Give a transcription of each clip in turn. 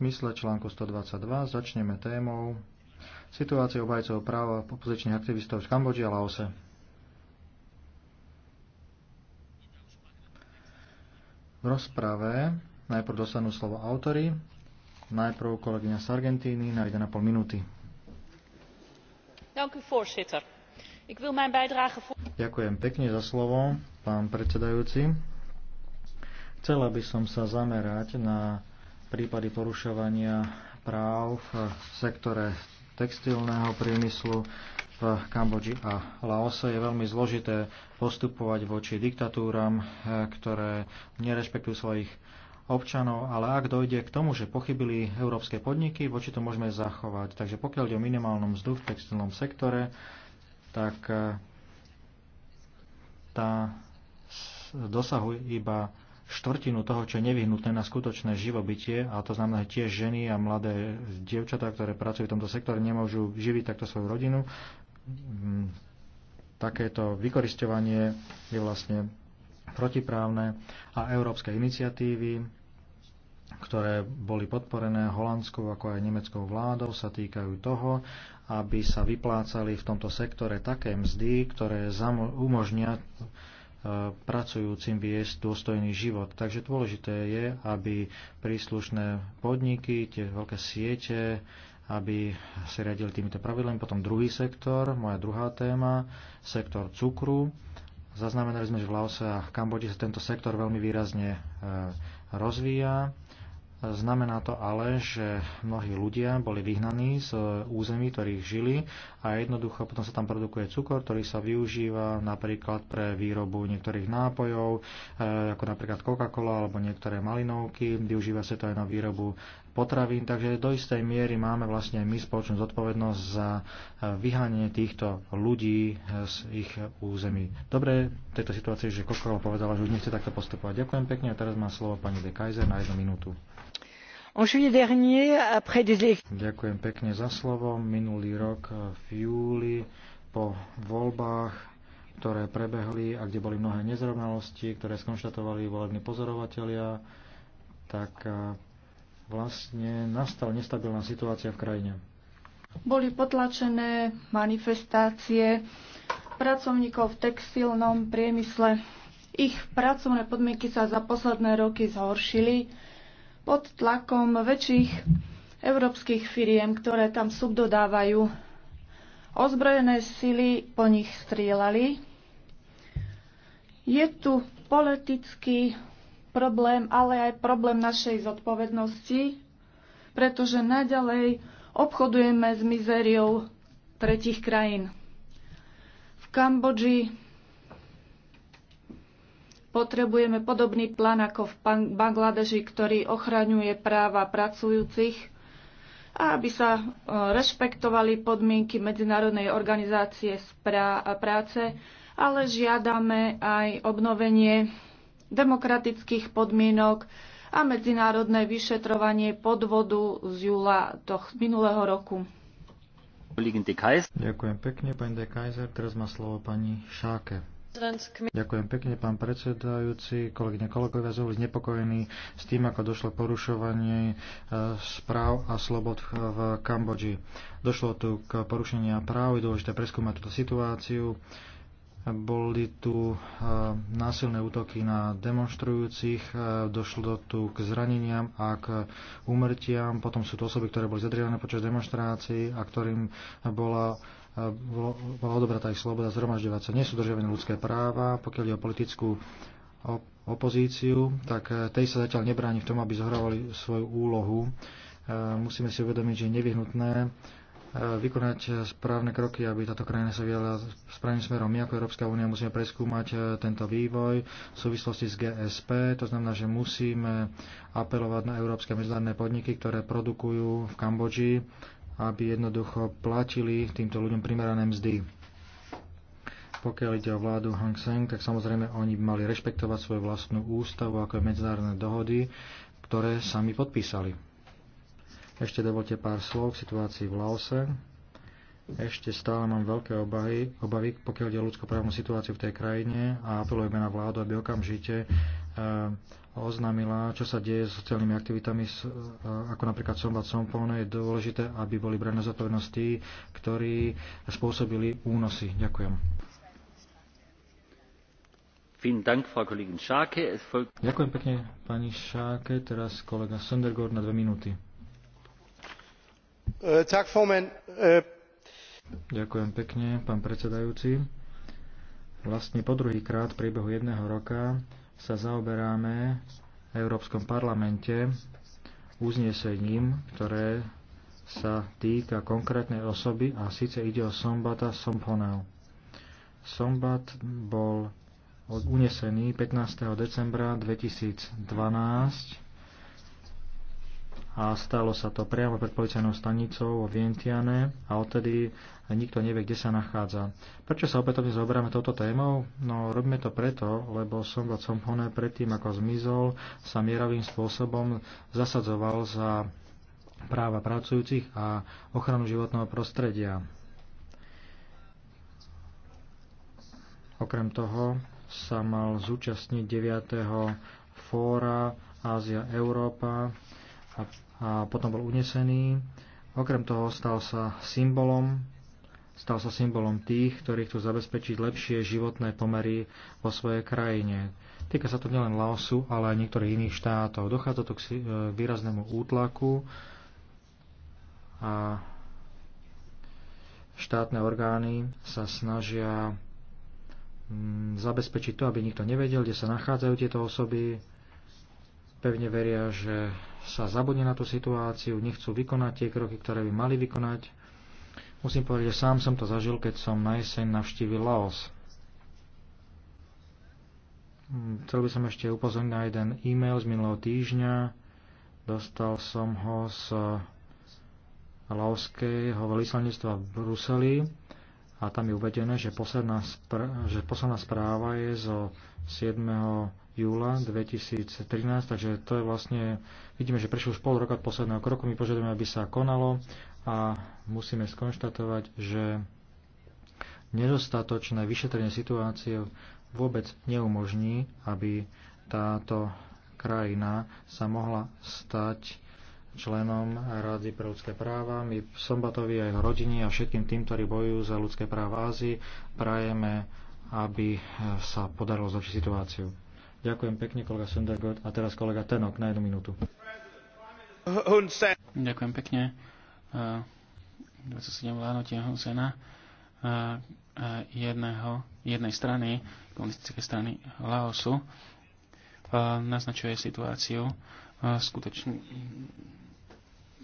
zmysle článku 122 začneme témou situácie obajcov práva opozičných aktivistov v Kambodži a Laose. V rozprave najprv dostanú slovo autory, najprv kolegyňa z Argentíny na 1,5 minúty. Ďakujem pekne za slovo, pán predsedajúci. Chcela by som sa zamerať na prípady porušovania práv v sektore textilného priemyslu v Kambodži a Laose je veľmi zložité postupovať voči diktatúram, eh, ktoré nerešpektujú svojich občanov, ale ak dojde k tomu, že pochybili európske podniky, voči to môžeme zachovať. Takže pokiaľ ide o minimálnom vzduch v textilnom sektore, tak eh, tá dosahuje iba štvrtinu toho, čo je nevyhnutné na skutočné živobytie, a to znamená že tie ženy a mladé dievčatá, ktoré pracujú v tomto sektore, nemôžu živiť takto svoju rodinu. Mm, takéto vykoristovanie je vlastne protiprávne a európske iniciatívy, ktoré boli podporené holandskou ako aj nemeckou vládou, sa týkajú toho, aby sa vyplácali v tomto sektore také mzdy, ktoré umožnia pracujúcim viesť dôstojný život. Takže dôležité je, aby príslušné podniky, tie veľké siete, aby si riadili týmito pravidlami. Potom druhý sektor, moja druhá téma, sektor cukru. Zaznamenali sme, že v Laose a Kambodži sa tento sektor veľmi výrazne e, rozvíja. Znamená to ale, že mnohí ľudia boli vyhnaní z území, ktorých žili a jednoducho potom sa tam produkuje cukor, ktorý sa využíva napríklad pre výrobu niektorých nápojov, e, ako napríklad Coca-Cola alebo niektoré malinovky. Využíva sa to aj na výrobu potravín, takže do istej miery máme vlastne aj my spoločnú zodpovednosť za e, vyhanie týchto ľudí e, z ich území. Dobre, v tejto situácii, že Coca-Cola povedala, že už nechce takto postupovať. Ďakujem pekne a teraz má slovo pani De Kaiser na jednu minútu. Ďakujem pekne za slovo. Minulý rok eh, v júli po voľbách, ktoré prebehli a kde boli mnohé nezrovnalosti, ktoré skonštatovali volební pozorovatelia, tak eh, vlastne nastala nestabilná situácia v krajine. Boli potlačené manifestácie pracovníkov v textilnom priemysle. Ich pracovné podmienky sa za posledné roky zhoršili pod tlakom väčších európskych firiem, ktoré tam subdodávajú. Ozbrojené sily po nich strieľali. Je tu politický problém, ale aj problém našej zodpovednosti, pretože naďalej obchodujeme s mizériou tretich krajín. V Kambodži Potrebujeme podobný plán ako v Bangladeži, ktorý ochraňuje práva pracujúcich a aby sa e, rešpektovali podmienky Medzinárodnej organizácie práce, ale žiadame aj obnovenie demokratických podmienok a medzinárodné vyšetrovanie podvodu z júla toh minulého roku. Ďakujem pekne, pani de Kaiser. Teraz má slovo pani Šáke. Ďakujem pekne, pán predsedajúci, kolegyne, kolegovia, znovu znepokojení s tým, ako došlo porušovanie e, správ a slobod v Kambodži. Došlo tu k porušeniu práv, je dôležité preskúmať túto situáciu. Boli tu e, násilné útoky na demonstrujúcich, e, došlo tu k zraneniam a k úmrtiam, potom sú tu osoby, ktoré boli zadrievané počas demonstrácií a ktorým bola bola odobratá ich sloboda zhromažďovať sa. Nie sú držiavené ľudské práva, pokiaľ je o politickú opozíciu, tak eh, tej sa zatiaľ nebráni v tom, aby zohrávali svoju úlohu. Eh, musíme si uvedomiť, že je nevyhnutné eh, vykonať správne kroky, aby táto krajina sa vyjala správnym smerom. My ako Európska únia musíme preskúmať tento vývoj v súvislosti s GSP. To znamená, že musíme apelovať na európske medzinárodné podniky, ktoré produkujú v Kambodži aby jednoducho platili týmto ľuďom primerané mzdy. Pokiaľ ide o vládu Hang Seng, tak samozrejme oni by mali rešpektovať svoju vlastnú ústavu, ako aj medzinárodné dohody, ktoré sami podpísali. Ešte dovolte pár slov k situácii v Laose. Ešte stále mám veľké obavy, obavy pokiaľ ide o ľudskoprávnu situáciu v tej krajine a apelujeme na vládu, aby okamžite e, oznámila, čo sa deje s sociálnymi aktivitami, e, ako napríklad Somba Sompone, je dôležité, aby boli brané zodpovednosti, ktorí spôsobili únosy. Ďakujem. Ďakujem pekne, pani Šáke. Teraz kolega Sundergaard na dve minúty. E, tak, Ďakujem pekne, pán predsedajúci. Vlastne po druhý v priebehu jedného roka sa zaoberáme v Európskom parlamente uznesením, ktoré sa týka konkrétnej osoby a síce ide o Sombata Somponel. Sombat bol unesený 15. decembra 2012 a stalo sa to priamo pred policajnou stanicou vo Vientiane a odtedy nikto nevie, kde sa nachádza. Prečo sa opätovne zaoberáme touto témou? No robíme to preto, lebo som v Sompone predtým, ako zmizol, sa mierovým spôsobom zasadzoval za práva pracujúcich a ochranu životného prostredia. Okrem toho sa mal zúčastniť 9. fóra Ázia-Európa a, a potom bol unesený. Okrem toho stal sa symbolom stal sa symbolom tých, ktorí chcú zabezpečiť lepšie životné pomery vo svojej krajine. Týka sa to nielen Laosu, ale aj niektorých iných štátov. Dochádza to k e, výraznému útlaku a štátne orgány sa snažia mm, zabezpečiť to, aby nikto nevedel, kde sa nachádzajú tieto osoby, Pevne veria, že sa zabudne na tú situáciu, nechcú vykonať tie kroky, ktoré by mali vykonať. Musím povedať, že sám som to zažil, keď som na jeseň navštívil Laos. Chcel by som ešte upozorniť na jeden e-mail z minulého týždňa. Dostal som ho z laoského veľvyslanectva v Bruseli a tam je uvedené, že posledná, spr- že posledná správa je zo 7 júla 2013, takže to je vlastne, vidíme, že prešlo už pol roka od posledného kroku, my požadujeme, aby sa konalo a musíme skonštatovať, že nedostatočné vyšetrenie situácie vôbec neumožní, aby táto krajina sa mohla stať členom Rady pre ľudské práva. My Sombatovi a jeho rodine a všetkým tým, ktorí bojujú za ľudské práva Ázii, prajeme, aby sa podarilo zlepšiť situáciu. Ďakujem pekne, kolega Sundergaard. A teraz kolega Tenok na jednu minútu. Ďakujem pekne. 27 e, vládnutie Hunsena e, e, jedného, jednej strany, komunistické strany Laosu, naznačuje situáciu skutočne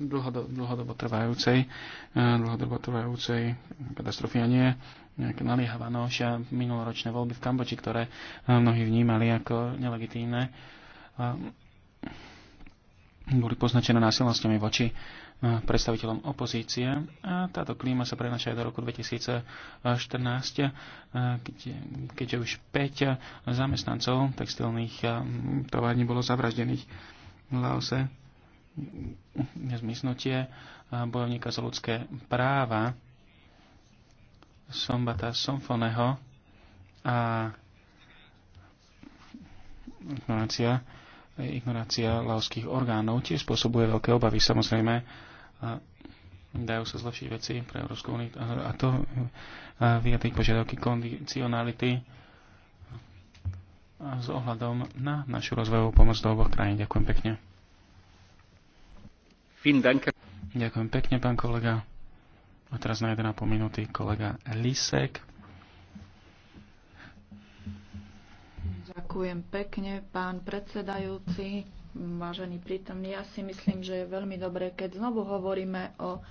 dlhodobo, trvajúcej, e, dlhodobo trvajúcej katastrofy a nie nejaké naliehavá nošia minuloročné voľby v Kambodži, ktoré e, mnohí vnímali ako nelegitímne, boli poznačené násilnosťami voči e, predstaviteľom opozície a táto klíma sa prenaša aj do roku 2014, kde, keďže už 5 zamestnancov textilných tovární bolo zavraždených v Laose nezmiznutie eh, bojovníka za ľudské práva Sombata Somfoneho a ignorácia, ignorácia laoských orgánov tiež spôsobuje veľké obavy. Samozrejme, dajú sa zlepšiť veci pre Európsku úniu a to vyjadrí požiadavky kondicionality s ohľadom na našu rozvojovú pomoc do oboch krajín. Ďakujem pekne. Ďakujem pekne, pán kolega. A teraz na 1,5 minúty kolega Lisek. Ďakujem pekne, pán predsedajúci, vážený prítomný. Ja si myslím, že je veľmi dobré, keď znovu hovoríme o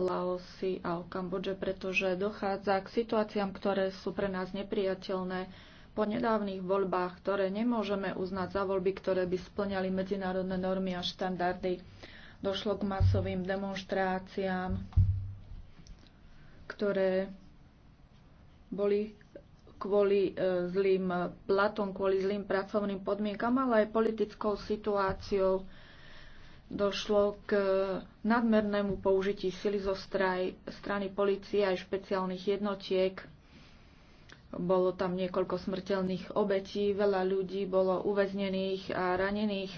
Laosi a o Kambodže, pretože dochádza k situáciám, ktoré sú pre nás nepriateľné. Po nedávnych voľbách, ktoré nemôžeme uznať za voľby, ktoré by splňali medzinárodné normy a štandardy, došlo k masovým demonstráciám, ktoré boli kvôli e, zlým platom, kvôli zlým pracovným podmienkam, ale aj politickou situáciou došlo k nadmernému použití sily zo straj, strany policie aj špeciálnych jednotiek. Bolo tam niekoľko smrteľných obetí, veľa ľudí bolo uväznených a ranených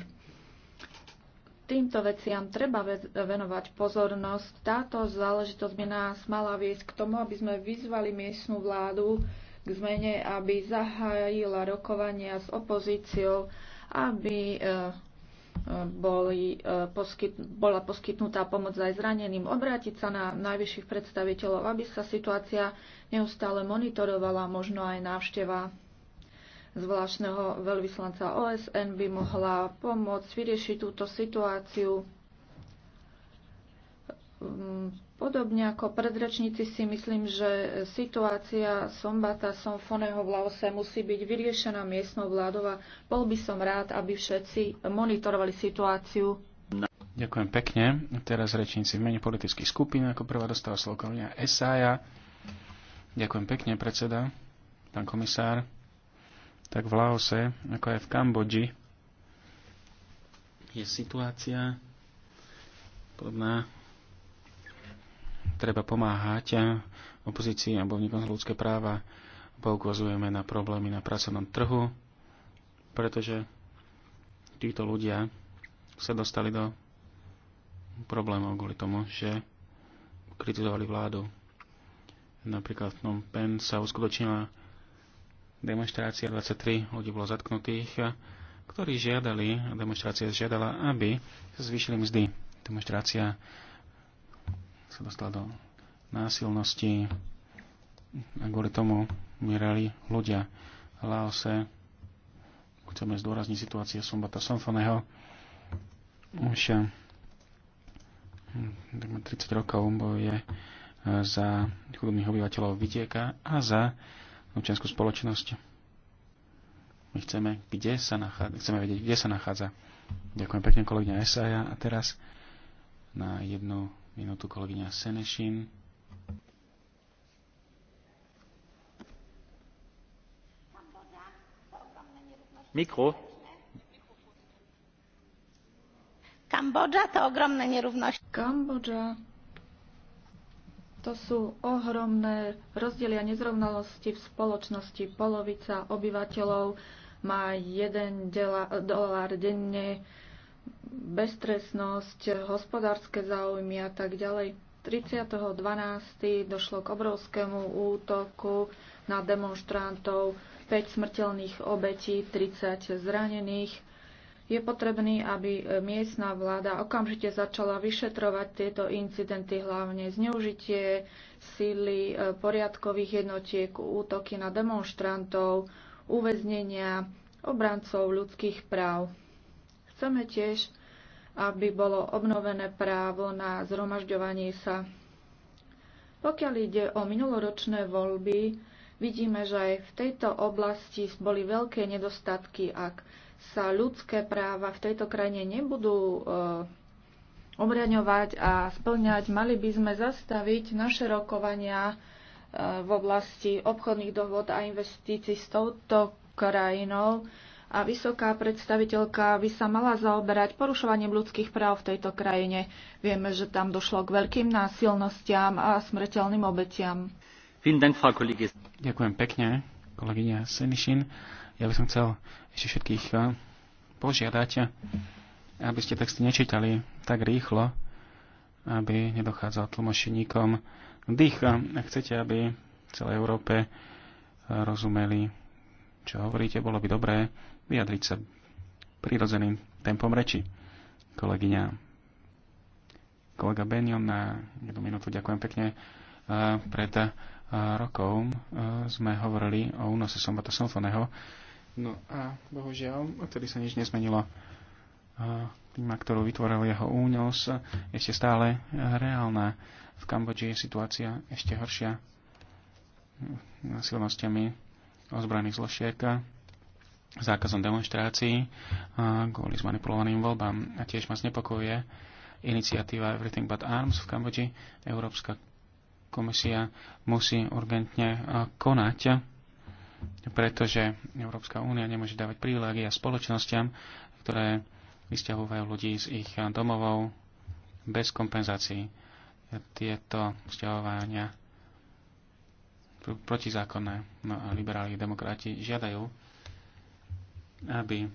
týmto veciam treba venovať pozornosť. Táto záležitosť by nás mala viesť k tomu, aby sme vyzvali miestnú vládu k zmene, aby zahájila rokovania s opozíciou, aby e, e, boli, e, poskyt, bola poskytnutá pomoc aj zraneným, obrátiť sa na najvyšších predstaviteľov, aby sa situácia neustále monitorovala, možno aj návšteva zvláštneho veľvyslanca OSN by mohla pomôcť vyriešiť túto situáciu. Mm, podobne ako predrečníci si myslím, že situácia Sombata Somfoneho v Laose musí byť vyriešená miestnou vládou a bol by som rád, aby všetci monitorovali situáciu. Ďakujem pekne. Teraz rečníci v mene politických skupín. Ako prvá dostala slovo Esaja. Ďakujem pekne, predseda, pán komisár tak v Laose, ako aj v Kambodži, je situácia podobná. Treba pomáhať opozícii a bojovníkom za ľudské práva. Poukazujeme na problémy na pracovnom trhu, pretože títo ľudia sa dostali do problémov kvôli tomu, že kritizovali vládu. Napríklad v Phnom Penh sa uskutočnila demonstrácia 23 ľudí bolo zatknutých, ktorí žiadali, demonstrácia žiadala, aby sa zvýšili mzdy. Demonstrácia sa dostala do násilnosti a kvôli tomu umierali ľudia. V Laose chceme zdôrazniť situácie Sombata Sonfoneho, Už 30 eh, rokov bojuje eh, za chudobných obyvateľov Vidieka a za občianskú spoločnosť. My chceme, kde sa nachádza, chceme vedieť, kde sa nachádza. Ďakujem pekne kolegyňa Esaja a teraz na jednu minútu kolegyňa Senešin. Mikro. Kambodža to ogromné nerovnosti. Kambodža to sú ohromné rozdiely a nezrovnalosti v spoločnosti. Polovica obyvateľov má 1 dolár denne, beztresnosť, hospodárske záujmy a tak ďalej. 30.12. došlo k obrovskému útoku na demonstrantov, 5 smrteľných obetí, 30 zranených je potrebný, aby e, miestná vláda okamžite začala vyšetrovať tieto incidenty, hlavne zneužitie síly e, poriadkových jednotiek, útoky na demonstrantov, uväznenia obrancov ľudských práv. Chceme tiež, aby bolo obnovené právo na zhromažďovanie sa. Pokiaľ ide o minuloročné voľby, vidíme, že aj v tejto oblasti boli veľké nedostatky, ak sa ľudské práva v tejto krajine nebudú eh, obraňovať a splňať, mali by sme zastaviť naše rokovania eh, v oblasti obchodných dohod a investícií s touto krajinou a vysoká predstaviteľka by sa mala zaoberať porušovaním ľudských práv v tejto krajine. Vieme, že tam došlo k veľkým násilnostiam a smrteľným obetiam. Ďakujem pekne, kolegyňa Senišin. Ja by som chcel ešte všetkých eh, požiadať, aby ste texty nečítali tak rýchlo, aby nedochádzal tlmošeníkom dých. chcete, aby v celej Európe eh, rozumeli, čo hovoríte, bolo by dobré vyjadriť sa prirodzeným tempom reči. Kolegyňa, kolega Benion na jednu minútu, ďakujem pekne. Eh, pred rokov sme hovorili o únose Sombata Sonfoneho, No a bohužiaľ, odtedy sa nič nezmenilo. Klíma, ktorú vytvoril jeho únos, ešte stále reálna. V Kambodži je situácia ešte horšia silnosťami ozbrojených zložiek, zákazom demonstrácií kvôli zmanipulovaným voľbám. A tiež ma znepokojuje iniciatíva Everything But Arms v Kambodži. Európska komisia musí urgentne konať pretože Európska únia nemôže dávať privilégia spoločnosťam, ktoré vysťahovajú ľudí z ich domovov bez kompenzácií. Tieto vzťahovania sú protizákonné. No a liberáli demokrati žiadajú, aby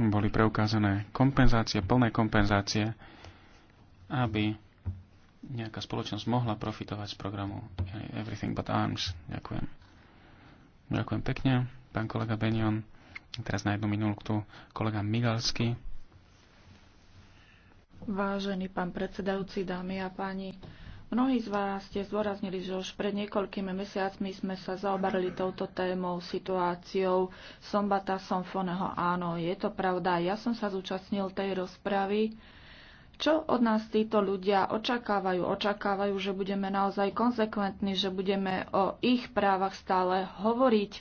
boli preukázané kompenzácie, plné kompenzácie, aby nejaká spoločnosť mohla profitovať z programu Everything But Arms. Ďakujem. Ďakujem pekne, pán kolega Benion. Teraz na jednu minútu kolega Migalsky. Vážený pán predsedajúci, dámy a páni, Mnohí z vás ste zdôraznili, že už pred niekoľkými mesiacmi sme sa zaoberali touto témou, situáciou Sombata Somfoneho. Áno, je to pravda. Ja som sa zúčastnil tej rozpravy čo od nás títo ľudia očakávajú? Očakávajú, že budeme naozaj konsekventní, že budeme o ich právach stále hovoriť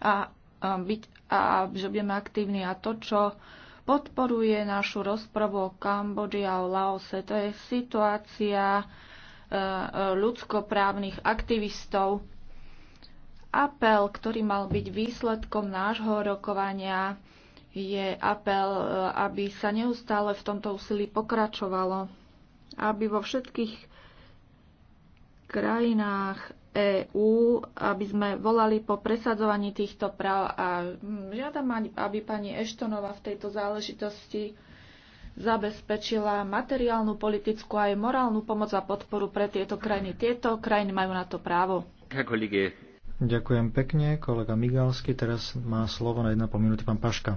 a, byť, a že budeme aktívni. A to, čo podporuje našu rozpravu o Kambodži a o Laose, to je situácia e, e, ľudskoprávnych aktivistov. Apel, ktorý mal byť výsledkom nášho rokovania, je apel, e, aby sa neustále v tomto úsilí pokračovalo, aby vo všetkých krajinách EÚ, aby sme volali po presadzovaní týchto práv a žiadam, aby pani Eštonova v tejto záležitosti zabezpečila materiálnu, politickú aj morálnu pomoc a podporu pre tieto krajiny. Tieto krajiny majú na to právo. Ďakujem pekne. Kolega Migalsky teraz má slovo na 1,5 minúty pán Paška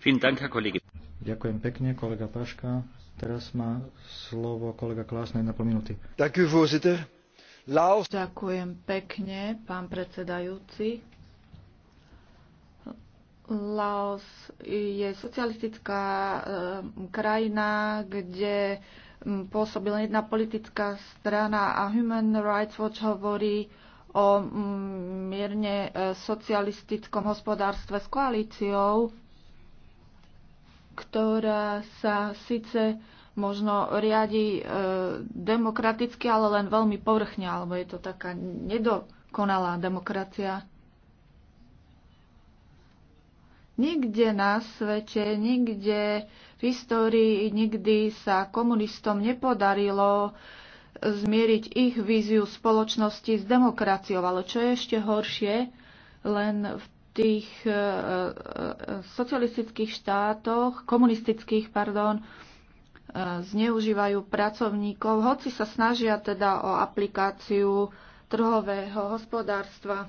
Ďakujem pekne, kolega Paška. Teraz má slovo kolega Klás na pol minúty. Ďakujem pekne, pán predsedajúci. Laos je socialistická eh, krajina, kde hm, pôsobila jedna politická strana a Human Rights Watch hovorí o hm, mierne eh, socialistickom hospodárstve s koalíciou ktorá sa síce možno riadi e, demokraticky, ale len veľmi povrchne, alebo je to taká nedokonalá demokracia. Nikde na svete, nikde v histórii, nikdy sa komunistom nepodarilo zmieriť ich víziu spoločnosti s demokraciou. Ale čo je ešte horšie, len v tých e, e, e, socialistických štátoch, komunistických, pardon, zneužívajú pracovníkov, hoci sa snažia teda o aplikáciu trhového hospodárstva.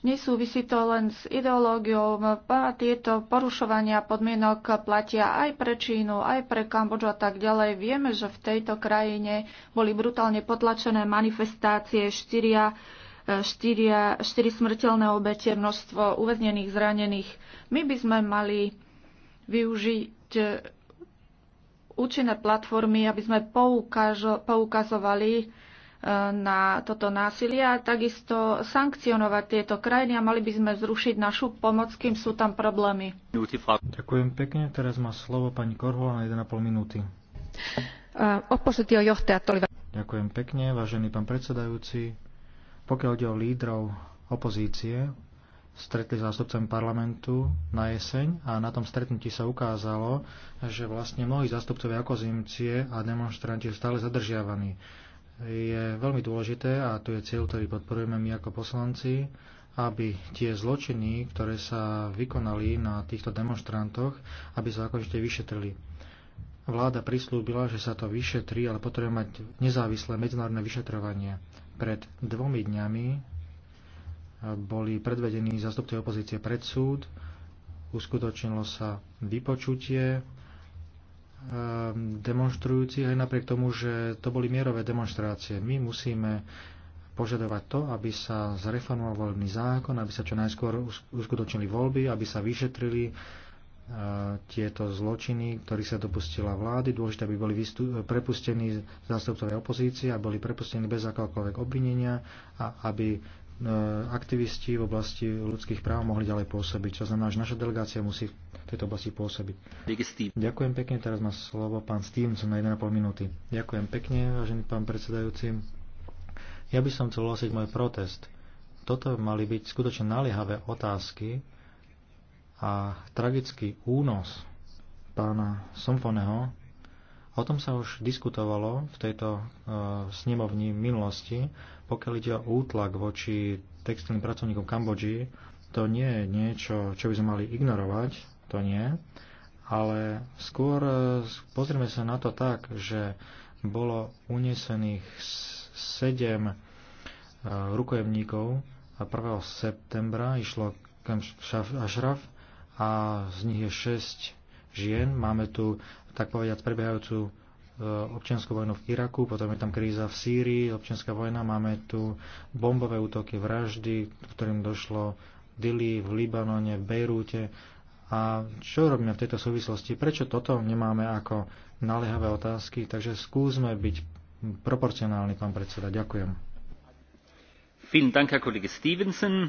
Nesúvisí to len s ideológiou. Tieto porušovania podmienok platia aj pre Čínu, aj pre Kambodžu a tak ďalej. Vieme, že v tejto krajine boli brutálne potlačené manifestácie štyria štyria, štyri smrteľné obete, množstvo uväznených, zranených. My by sme mali využiť e, účinné platformy, aby sme poukážo, poukazovali e, na toto násilie a takisto sankcionovať tieto krajiny a mali by sme zrušiť našu pomoc, kým sú tam problémy. Ďakujem pekne. Teraz má slovo pani Korhola na 1,5 minúty. Ďakujem pekne, vážený pán predsedajúci, pokiaľ ide o lídrov opozície, stretli zástupcami parlamentu na jeseň a na tom stretnutí sa ukázalo, že vlastne mnohí zástupcovia okozimcie a demonstranti sú stále zadržiavaní. Je veľmi dôležité, a tu je cieľ, ktorý podporujeme my ako poslanci, aby tie zločiny, ktoré sa vykonali na týchto demonstrantoch, aby sa akožite vyšetrili. Vláda prislúbila, že sa to vyšetrí, ale potrebuje mať nezávislé medzinárodné vyšetrovanie. Pred dvomi dňami eh, boli predvedení zastupci opozície pred súd, uskutočnilo sa vypočutie eh, demonstrujúcich aj napriek tomu, že to boli mierové demonstrácie. My musíme požadovať to, aby sa zreformoval volebný zákon, aby sa čo najskôr uskutočnili voľby, aby sa vyšetrili tieto zločiny, ktorí sa dopustila vlády. Dôležité, aby boli prepustení zástupcovia opozície a boli prepustení bez akéhokoľvek obvinenia a aby e, aktivisti v oblasti ľudských práv mohli ďalej pôsobiť. Čo znamená, že naša delegácia musí v tejto oblasti pôsobiť. Ďakujem pekne, teraz má slovo pán Stevenson na 1,5 minúty. Ďakujem pekne, vážený pán predsedajúci. Ja by som chcel hlasiť môj protest. Toto mali byť skutočne naliehavé otázky, a tragický únos pána Somfoneho, o tom sa už diskutovalo v tejto e, snemovni minulosti, pokiaľ ide o útlak voči textilným pracovníkom Kambodži, to nie je niečo, čo by sme mali ignorovať, to nie, ale skôr e, pozrieme sa na to tak, že bolo unesených 7 e, rukojemníkov a 1. septembra išlo Kamšaf a z nich je 6 žien. Máme tu, tak povediať, prebiehajúcu e, občianskú vojnu v Iraku, potom je tam kríza v Sýrii, občianská vojna, máme tu bombové útoky, vraždy, ktorým došlo v Dili, v Libanone, v Bejrúte. A čo robíme v tejto súvislosti? Prečo toto nemáme ako naliehavé otázky? Takže skúsme byť proporcionálni, pán predseda. Ďakujem. Vielen Dank, Herr Kollege Stevenson.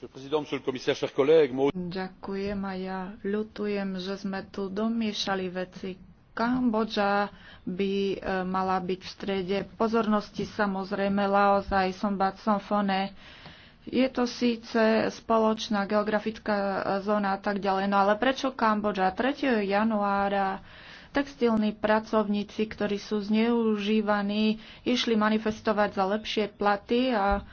Ďakujem a ja ľutujem, že sme tu domiešali veci. Kambodža by e, mala byť v strede pozornosti, samozrejme Laos aj Sombat Somfone. Je to síce spoločná geografická e, zóna a tak ďalej, no ale prečo Kambodža? 3. januára textilní pracovníci, ktorí sú zneužívaní, išli manifestovať za lepšie platy a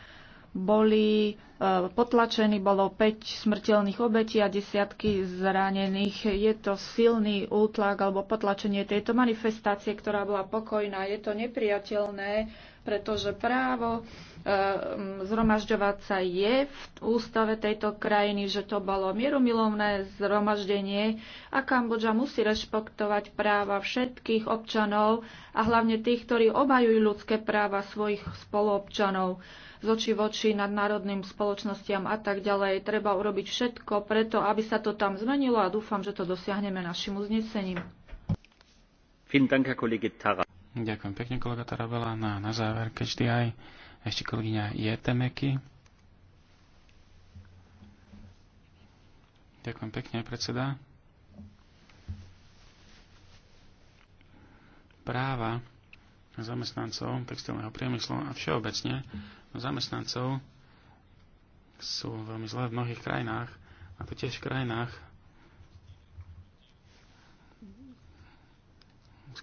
boli eh, potlačení, bolo 5 smrteľných obetí a desiatky zranených. Je to silný útlak alebo potlačenie tejto manifestácie, ktorá bola pokojná. Je to nepriateľné, pretože právo Ehm, zhromažďovať sa je v ústave tejto krajiny, že to bolo mierumilovné zhromaždenie a Kambodža musí rešpektovať práva všetkých občanov a hlavne tých, ktorí obajujú ľudské práva svojich spoluobčanov z oči nad nadnárodným spoločnostiam a tak ďalej. Treba urobiť všetko preto, aby sa to tam zmenilo a dúfam, že to dosiahneme našim uznesením. Vielen Dank, Herr Kollege Tara. Ďakujem pekne, kolega Tarabela. Na, no na záver, keď aj ešte kolegyňa Jetemeky. Ďakujem pekne, predseda. Práva zamestnancov textilného priemyslu a všeobecne zamestnancov sú veľmi zlé v mnohých krajinách, a to tiež v krajinách,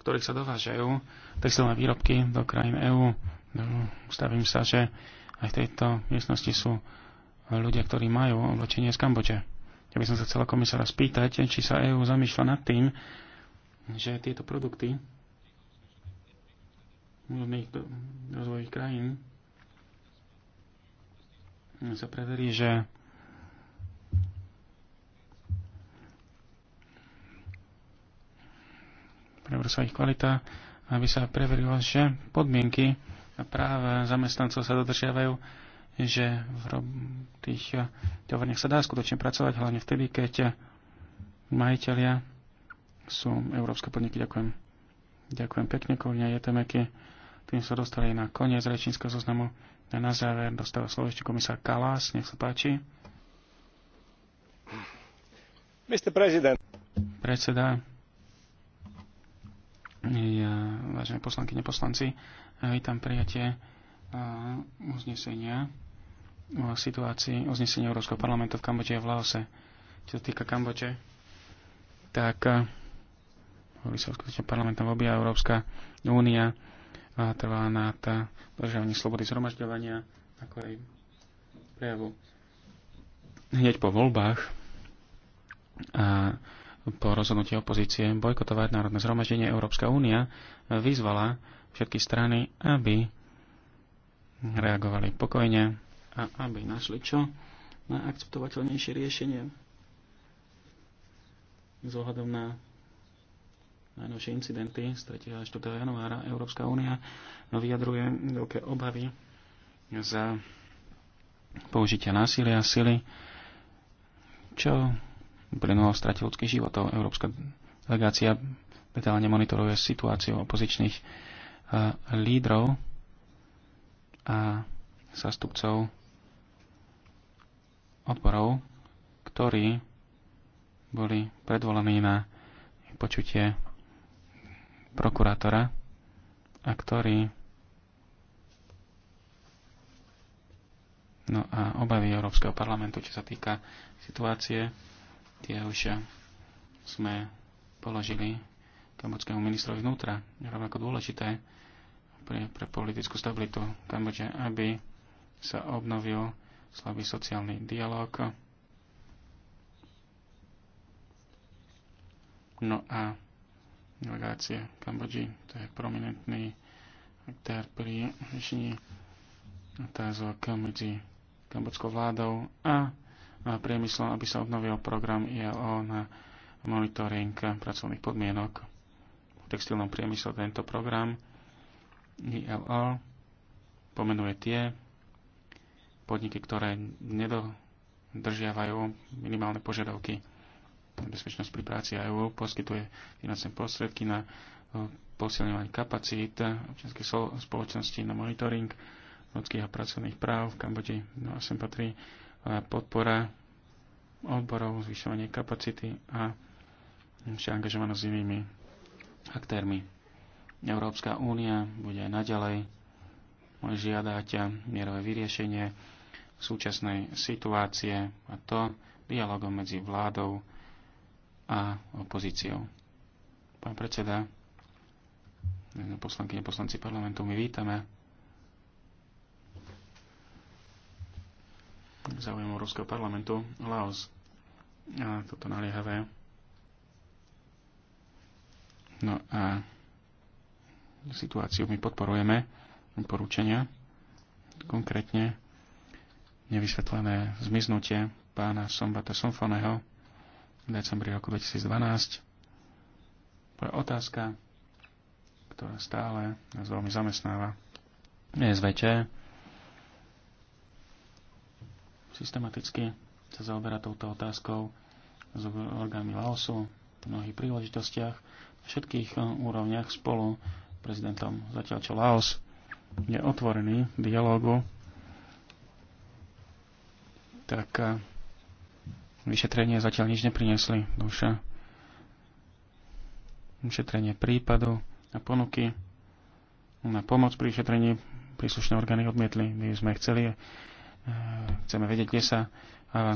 ktorých sa dovážajú textilné výrobky do krajín EÚ. Stavím sa, že aj v tejto miestnosti sú ľudia, ktorí majú oblečenie z Kambodže. Ja by som sa chcel komisára spýtať, či sa EÚ zamýšľa nad tým, že tieto produkty rôznych rozvojových krajín sa preverí, že dobrá sa ich kvalita, aby sa preverilo, že podmienky a práve zamestnancov sa dodržiavajú, že v tých eh, továrniach sa dá skutočne pracovať, hlavne vtedy, keď eh, majiteľia sú európske podniky. Ďakujem. Ďakujem pekne, kolegyňa Jetemeky. Tým sa dostali na koniec rečníckého zoznamu. A na záver dostáva slovo ešte komisár Kalás. Nech sa páči. Mr. President. Predseda. Ja, vážené poslanky, neposlanci, vítam prijatie uznesenia o situácii, uznesenia Európskeho parlamentu v Kambodži a v Laose. Čo sa týka Kambodže, tak hovorí sa skutočne parlamentom obia Európska únia a trvá na dodržiavaní slobody zhromažďovania, ako aj prejavu hneď po voľbách a po rozhodnutí opozície bojkotovať Národné zhromaždenie Európska únia vyzvala všetky strany, aby reagovali pokojne a aby našli čo najakceptovateľnejšie riešenie z ohľadom na najnovšie incidenty z 3. a 4. januára Európska únia vyjadruje veľké obavy za použitia násilia a sily, čo uplynulo strate ľudských životov. Európska delegácia detálne monitoruje situáciu opozičných eh, lídrov a zastupcov odborov, ktorí boli predvolení na počutie prokurátora a ktorí no a obavy Európskeho parlamentu, čo sa týka situácie Tie už sme položili kambodskému ministrovi vnútra. Rovnako dôležité pre, pre politickú stabilitu Kambodže, aby sa obnovil slabý sociálny dialog. No a delegácia Kambodži, to je prominentný aktér pri riešení otázok medzi kambodskou vládou a priemyslom, aby sa obnovil program ILO na monitoring pracovných podmienok v textilnom priemysle. Tento program ILO pomenuje tie podniky, ktoré nedodržiavajú minimálne požiadavky bezpečnosť pri práci a EU poskytuje finančné prostriedky na posilňovanie kapacít občianskej spoločnosti na monitoring ľudských a pracovných práv v Kambodži. No a sem patrí podpora odborov, zvyšovanie kapacity a lepšia angažovanosť s inými aktérmi. Európska únia bude aj naďalej žiadať mierové vyriešenie súčasnej situácie a to dialogom medzi vládou a opozíciou. Pán predseda, a poslanci parlamentu, my vítame záujmu Ruského parlamentu Laos. A toto naliehavé. No a situáciu my podporujeme, porúčenia, konkrétne nevysvetlené zmiznutie pána Sombata Somfoneho v decembri roku 2012. To je otázka, ktorá stále nás veľmi zamestnáva. SVČ systematicky sa zaoberá touto otázkou s orgánmi Laosu v mnohých príležitostiach, na všetkých eh, úrovniach spolu s prezidentom. Zatiaľ čo Laos je otvorený dialogu, tak eh, vyšetrenie zatiaľ nič neprinesli, Duša vyšetrenie prípadu a ponuky na pomoc pri vyšetrení príslušné orgány odmietli. My sme chceli Chceme vedieť, kde sa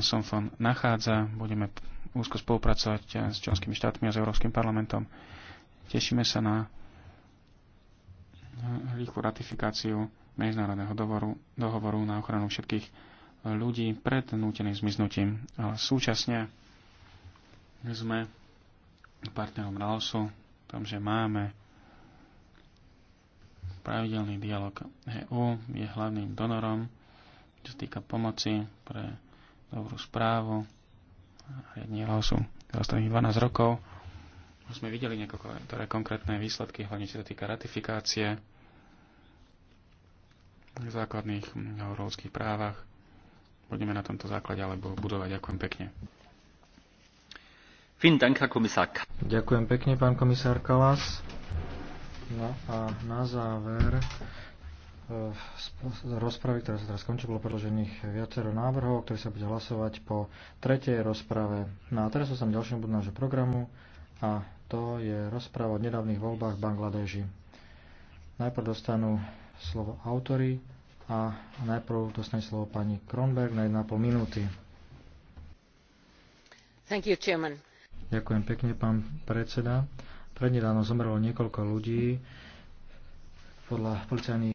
Somfon nachádza. Budeme úzko spolupracovať s členskými štátmi a s Európskym parlamentom. Tešíme sa na rýchlu ratifikáciu medzinárodného dohovoru, dohovoru na ochranu všetkých ľudí pred núteným zmiznutím. Ale súčasne sme partnerom Laosu, tom, že máme pravidelný dialog EU, je hlavným donorom čo sa týka pomoci pre dobrú správu a jedného sú za ostatných 12 rokov. Už sme videli niektoré konkrétne výsledky, hlavne čo sa týka ratifikácie v základných európskych právach. Budeme na tomto základe alebo budovať. Ďakujem pekne. Ďakujem pekne, pán komisár Kalas. No a na záver z rozpravy, ktorá sa teraz skončí, bolo predložených viacero návrhov, ktoré sa bude hlasovať po tretej rozprave. No a teraz sa tam ďalším budú nášho programu a to je rozpráva o nedávnych voľbách v Bangladeži. Najprv dostanú slovo autory a najprv dostane slovo pani Kronberg na 1,5 minúty. Thank you, chairman. Ďakujem pekne, pán predseda. Prednedávno zomrelo niekoľko ľudí podľa policajných